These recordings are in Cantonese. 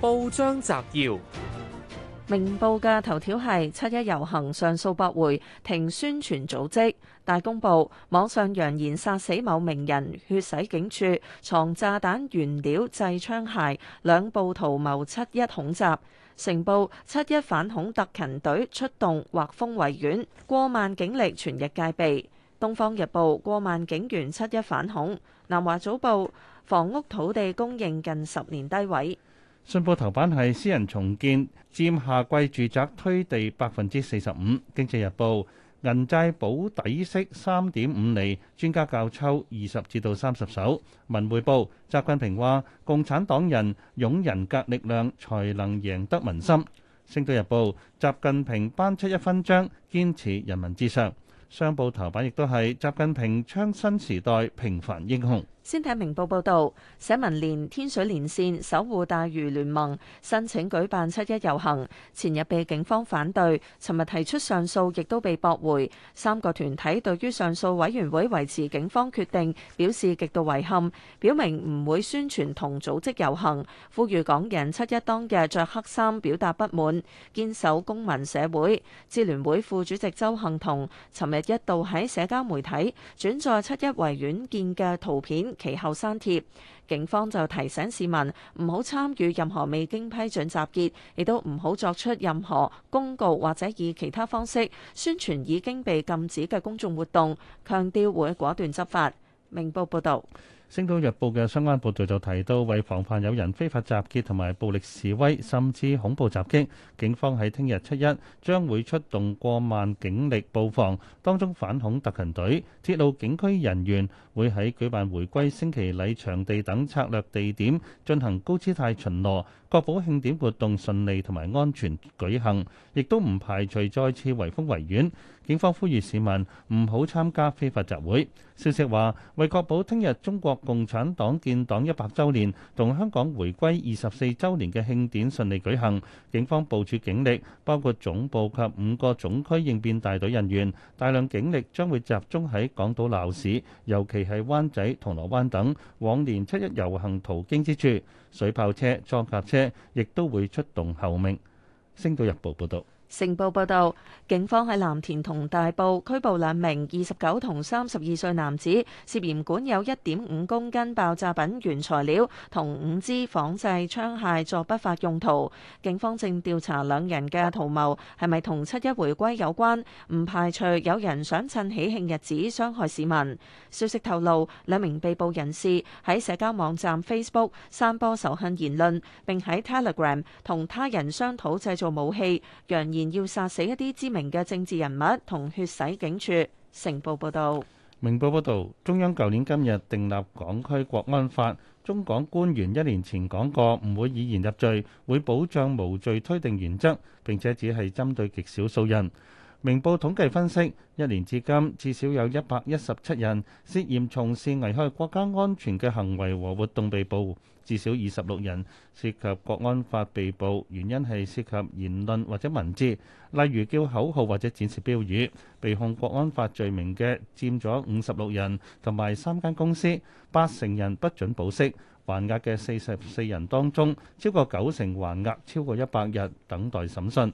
報章摘要：明報嘅頭條係七一遊行上訴駁回，停宣傳組織大公報網上揚言殺死某名人，血洗警署藏炸彈原料製槍械，兩暴徒謀七一恐襲。成報七一反恐特勤隊出動，劃封圍院，過萬警力全日戒備。東方日報過萬警員七一反恐。南華早報房屋土地供應近十年低位。信報頭版係私人重建佔夏季住宅推地百分之四十五。經濟日報銀債保底息三點五厘，專家教抽二十至到三十手。文匯報習近平話共產黨人擁人格力量才能贏得民心。星島日報習近平頒出一分章，堅持人民至上。商報頭版亦都係習近平倡新時代平凡英雄。先睇明報報導，社民連、天水連線、守護大嶼聯盟申請舉辦七一遊行，前日被警方反對，尋日提出上訴，亦都被駁回。三個團體對於上訴委員會維持警方決定表示極度遺憾，表明唔會宣傳同組織遊行，呼籲港人七一當日著黑衫表達不滿，堅守公民社會。支聯會副主席周幸彤尋日一度喺社交媒體轉載七一維園見嘅圖片。其後刪帖，警方就提醒市民唔好參與任何未經批准集結，亦都唔好作出任何公告或者以其他方式宣傳已經被禁止嘅公眾活動，強調會果斷執法。明報報道。《星島日報》嘅相關報導就提到，為防範有人非法集結同埋暴力示威，甚至恐怖襲擊，警方喺聽日七一將會出動過萬警力布防，當中反恐特勤隊、鐵路警區人員會喺舉辦回歸升旗禮場地等策略地點進行高姿態巡邏，確保慶典活動順利同埋安全舉行，亦都唔排除再次圍封圍院。警方呼籲市民唔好參加非法集會。消息話，為確保聽日中國共產黨建黨一百周年同香港回歸二十四周年嘅慶典順利舉行，警方部署警力，包括總部及五個總區應變大隊人員，大量警力將會集中喺港島鬧市，尤其係灣仔、銅鑼灣等往年七一遊行途經之處，水炮車、裝甲車亦都會出動候命。星島日報報道。成報報導，警方喺藍田同大埔拘捕兩名二十九同三十二歲男子，涉嫌管有一點五公斤爆炸品原材料同五支仿製槍械作不法用途。警方正調查兩人嘅圖謀係咪同七一回歸有關，唔排除有人想趁喜慶日子傷害市民。消息透露，兩名被捕人士喺社交網站 Facebook 散播仇恨言論，並喺 Telegram 同他人商討製造武器，揚言，然要殺死一啲知名嘅政治人物同血洗警署。成報報導，明報報道：中央舊年今日訂立港區國安法，中港官員一年前講過唔會以言入罪，會保障無罪推定原則，並且只係針對極少數人。明報統計分析，一年至今至少有一百一十七人涉嫌從事危害國家安全嘅行為和活動被捕，至少二十六人涉及國安法被捕，原因係涉及言論或者文字，例如叫口號或者展示標語。被控國安法罪名嘅佔咗五十六人，同埋三間公司，八成人不准保釋，還押嘅四十四人當中，超過九成還押超過一百日，等待審訊。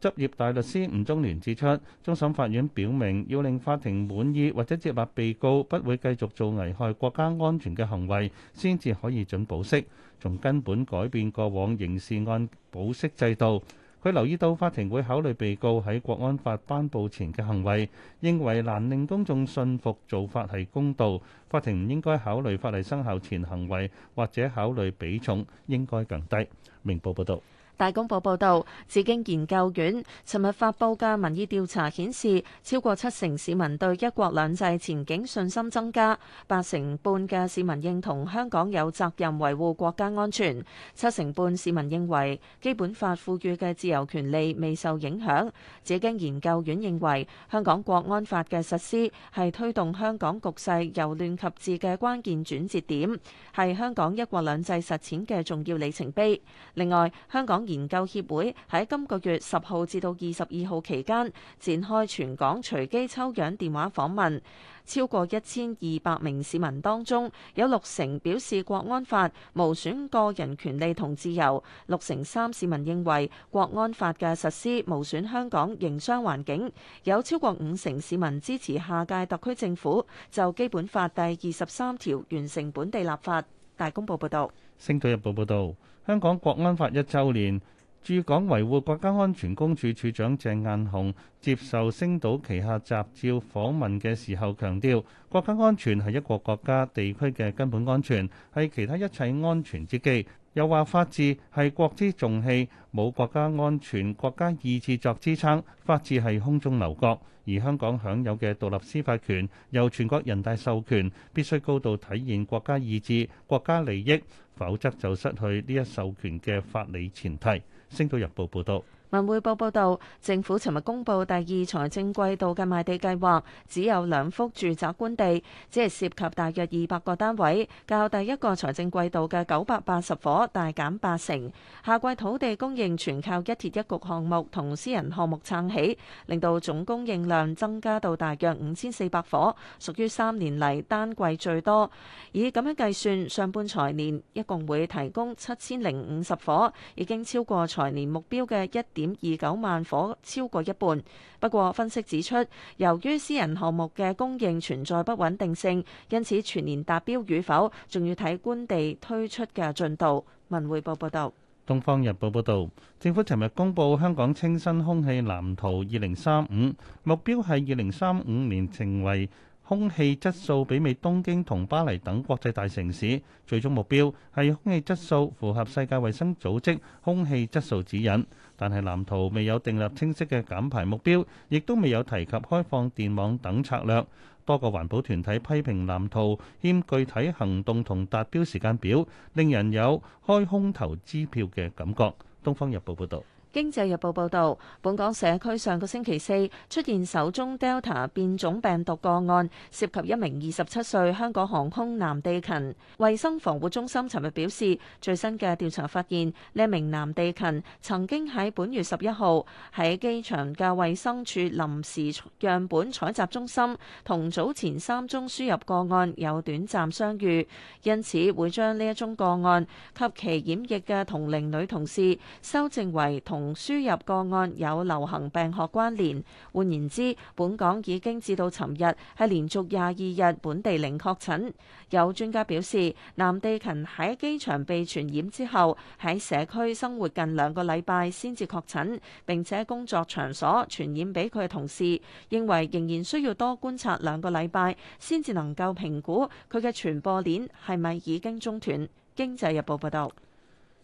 執業大律師吳中聯指出，終審法院表明要令法庭滿意或者接納被告不會繼續做危害國家安全嘅行為，先至可以准保釋，從根本改變過往刑事案保釋制度。佢留意到法庭會考慮被告喺《國安法》頒布前嘅行為，認為難令公眾信服做法係公道。法庭唔應該考慮法例生效前行為，或者考慮比重應該更低。明報報導。大公報報導，紫荊研究院尋日發布嘅民意調查顯示，超過七成市民對一國兩制前景信心增加，八成半嘅市民認同香港有責任維護國家安全，七成半市民認為基本法賦予嘅自由權利未受影響。紫荊研究院認為，香港國安法嘅實施係推動香港局勢由亂及治嘅關鍵轉折點，係香港一國兩制實踐嘅重要里程碑。另外，香港研究協會喺今個月十號至到二十二號期間，展開全港隨機抽樣電話訪問，超過一千二百名市民當中有六成表示國安法無損個人權利同自由，六成三市民認為國安法嘅實施無損香港營商環境，有超過五成市民支持下屆特區政府就基本法第二十三條完成本地立法。大公報報道。星島日報報道。香港國安法一週年，駐港維護國家安全公署署署長鄭雁雄接受星島旗下雜誌訪問嘅時候，強調國家安全係一個國家地區嘅根本安全，係其他一切安全之基。又話法治係國之重器，冇國家安全國家意志作支撐，法治係空中樓閣。而香港享有嘅獨立司法權，由全國人大授權，必須高度體現國家意志、國家利益。否則就失去呢一授權嘅法理前提。星島日報報導。文匯報報道，政府尋日公布第二財政季度嘅賣地計劃，只有兩幅住宅官地，只係涉及大約二百個單位，較第一個財政季度嘅九百八十伙大減八成。下季土地供應全靠一鐵一局項目同私人項目撐起，令到總供應量增加到大約五千四百伙，屬於三年嚟單季最多。以咁樣計算，上半財年一共會提供七千零五十伙，已經超過財年目標嘅一點二九萬伙，超過一半。不過，分析指出，由於私人項目嘅供應存在不穩定性，因此全年達標與否，仲要睇官地推出嘅進度。《文匯報》報道。《東方日報》報道，政府尋日公布香港清新空氣藍圖二零三五，目標係二零三五年成為。空氣質素媲美東京同巴黎等國際大城市，最終目標係空氣質素符合世界衛生組織空氣質素指引。但係藍圖未有訂立清晰嘅減排目標，亦都未有提及開放電網等策略。多個環保團體批評藍圖欠具體行動同達標時間表，令人有開空頭支票嘅感覺。《東方日報》報導。《經濟日報》報導，本港社區上個星期四出現首宗 Delta 變種病毒個案，涉及一名二十七歲香港航空男地勤。衞生防護中心尋日表示，最新嘅調查發現，呢名男地勤曾經喺本月十一號喺機場嘅衞生處臨時樣本採集中心同早前三宗輸入個案有短暫相遇，因此會將呢一宗個案及其染疫嘅同齡女同事修正為同同輸入個案有流行病學關聯，換言之，本港已經至到尋日係連續廿二日本地零確診。有專家表示，南地勤喺機場被傳染之後，喺社區生活近兩個禮拜先至確診，並且工作場所傳染俾佢嘅同事。認為仍然需要多觀察兩個禮拜，先至能夠評估佢嘅傳播鏈係咪已經中斷。經濟日報報道。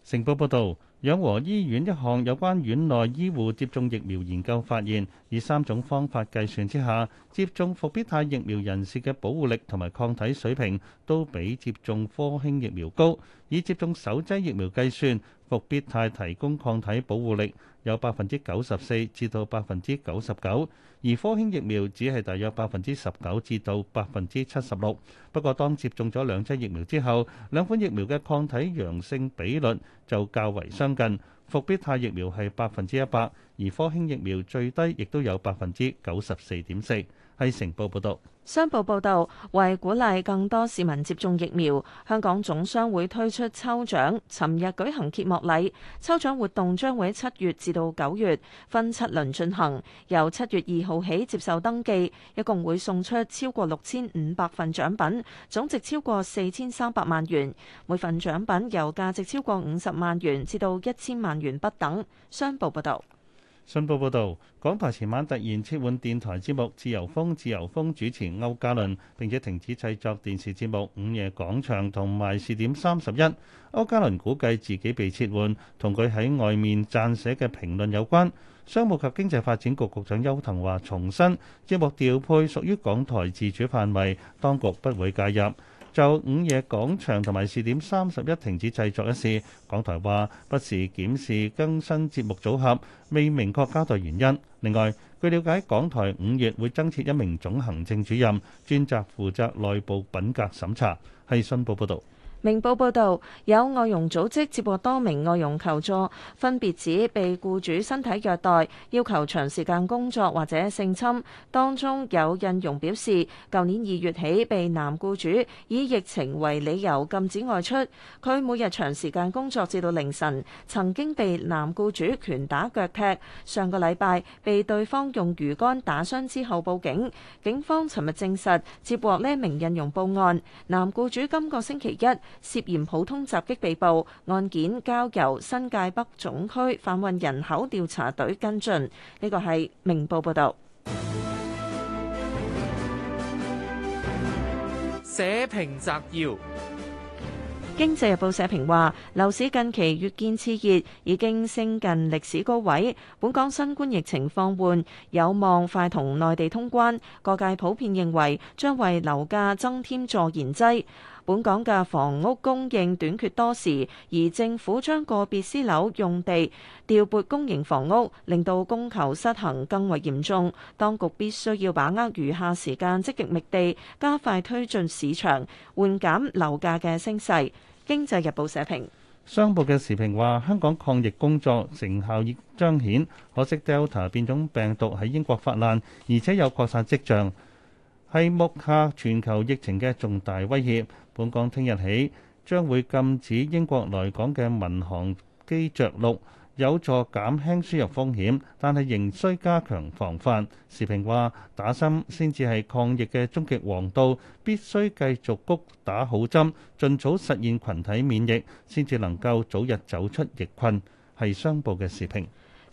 成報報導。養和醫院一項有關院內醫護接種疫苗研究發現，以三種方法計算之下，接種復必泰疫苗人士嘅保護力同埋抗體水平都比接種科興疫苗高。以接種首劑疫苗計算，復必泰提供抗體保護力有百分之九十四至到百分之九十九。而科興疫苗只係大約百分之十九至到百分之七十六。不過，當接種咗兩劑疫苗之後，兩款疫苗嘅抗體陽性比率就較為相近。復必泰疫苗係百分之一百，而科興疫苗最低亦都有百分之九十四點四。係成報報道。商報報道，為鼓勵更多市民接種疫苗，香港總商會推出抽獎，尋日舉行揭幕禮。抽獎活動將會喺七月至到九月分七輪進行，由七月二號起接受登記，一共會送出超過六千五百份獎品，總值超過四千三百萬元。每份獎品由價值超過五十萬元至到一千萬元不等。商報報道。信報報導，港台前晚突然撤換電台節目《自由風》，自由風主持區家麟，並且停止製作電視節目《午夜廣場》同埋視點三十一。區家麟估計自己被撤換，同佢喺外面撰寫嘅評論有關。商務及經濟發展局局長邱騰華重申，節目調配屬於港台自主範圍，當局不會介入。就午夜廣場同埋試點三十一停止製作一事，港台話不時檢視更新節目組合，未明確交代原因。另外，據了解，港台五月會增設一名總行政主任，專責負責內部品格審查。係信報報道。明報報導，有外傭組織接獲多名外傭求助，分別指被僱主身體虐待、要求長時間工作或者性侵。當中有印傭表示，舊年二月起被男僱主以疫情為理由禁止外出，佢每日長時間工作至到凌晨，曾經被男僱主拳打腳踢。上個禮拜被對方用魚竿打傷之後，報警。警方尋日證實接獲呢名印傭報案。男僱主今個星期一涉嫌普通襲擊被捕案件，交由新界北總區販運人口調查隊跟進。呢個係明報報導。社評摘要：經濟日報社評話，樓市近期越見熾熱，已經升近歷史高位。本港新冠疫情放緩，有望快同內地通關，各界普遍認為將為樓價增添助燃劑。本港嘅房屋供應短缺多時，而政府將個別私樓用地調撥公營房屋，令到供求失衡更為嚴重。當局必須要把握餘下時間積極覓地，加快推進市場，緩減樓價嘅升勢。經濟日報社評。商報嘅時評話：香港抗疫工作成效亦彰顯，可惜 Delta 變種病毒喺英國發難，而且有擴散跡象。係目下全球疫情嘅重大威脅，本港聽日起將會禁止英國來港嘅民航機着陸，有助減輕輸入風險，但係仍需加強防範。時評話：打針先至係抗疫嘅終極王道，必須繼續谷打好針，盡早實現羣體免疫，先至能夠早日走出疫困。係商報嘅時評。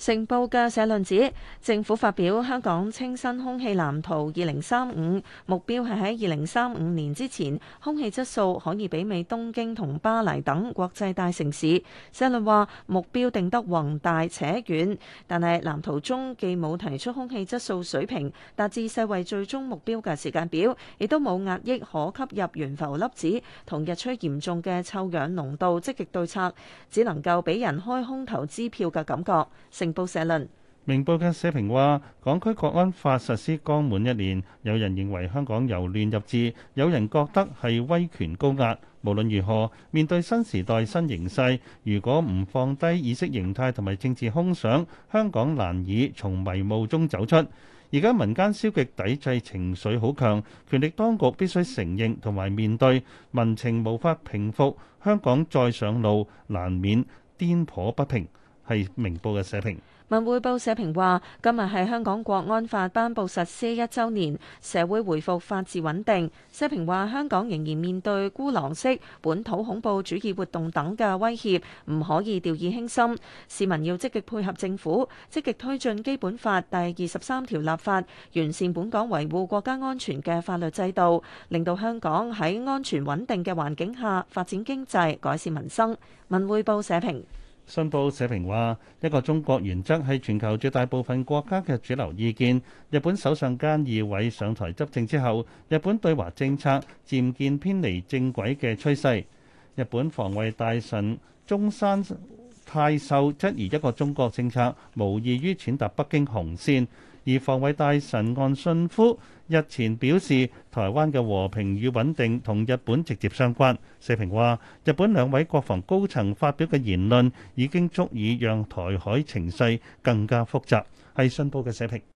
成報嘅社論指，政府發表香港清新空氣藍圖二零三五目標係喺二零三五年之前，空氣質素可以媲美東京同巴黎等國際大城市。社論話目標定得宏大且遠，但係藍圖中既冇提出空氣質素水平達至世衞最終目標嘅時間表，亦都冇壓抑可吸入懸浮粒子同日趨嚴重嘅臭氧濃度積極對策，只能夠俾人開空頭支票嘅感覺。報社論，明報嘅社評話：港區國安法實施剛滿一年，有人認為香港由亂入治，有人覺得係威權高壓。無論如何，面對新時代新形勢，如果唔放低意識形態同埋政治空想，香港難以從迷霧中走出。而家民間消極抵制情緒好強，權力當局必須承認同埋面對民情，無法平復。香港再上路，難免顛簸不平。係明報嘅社評。文匯報社評話，今日係香港國安法頒布實施一周年，社會回復法治穩定。社評話，香港仍然面對孤狼式本土恐怖主義活動等嘅威脅，唔可以掉以輕心。市民要積極配合政府，積極推進基本法第二十三條立法，完善本港維護國家安全嘅法律制度，令到香港喺安全穩定嘅環境下發展經濟、改善民生。文匯報社評。信報社評話：一個中國原則係全球絕大部分國家嘅主流意見。日本首相菅義偉上台執政之後，日本對華政策漸見偏離正軌嘅趨勢。日本防衛大臣中山泰秀質疑一個中國政策無異於踐踏北京紅線。而防衛大臣岸信夫日前表示，台灣嘅和平與穩定同日本直接相關。社評話，日本兩位國防高層發表嘅言論已經足以讓台海情勢更加複雜。係信報嘅社評。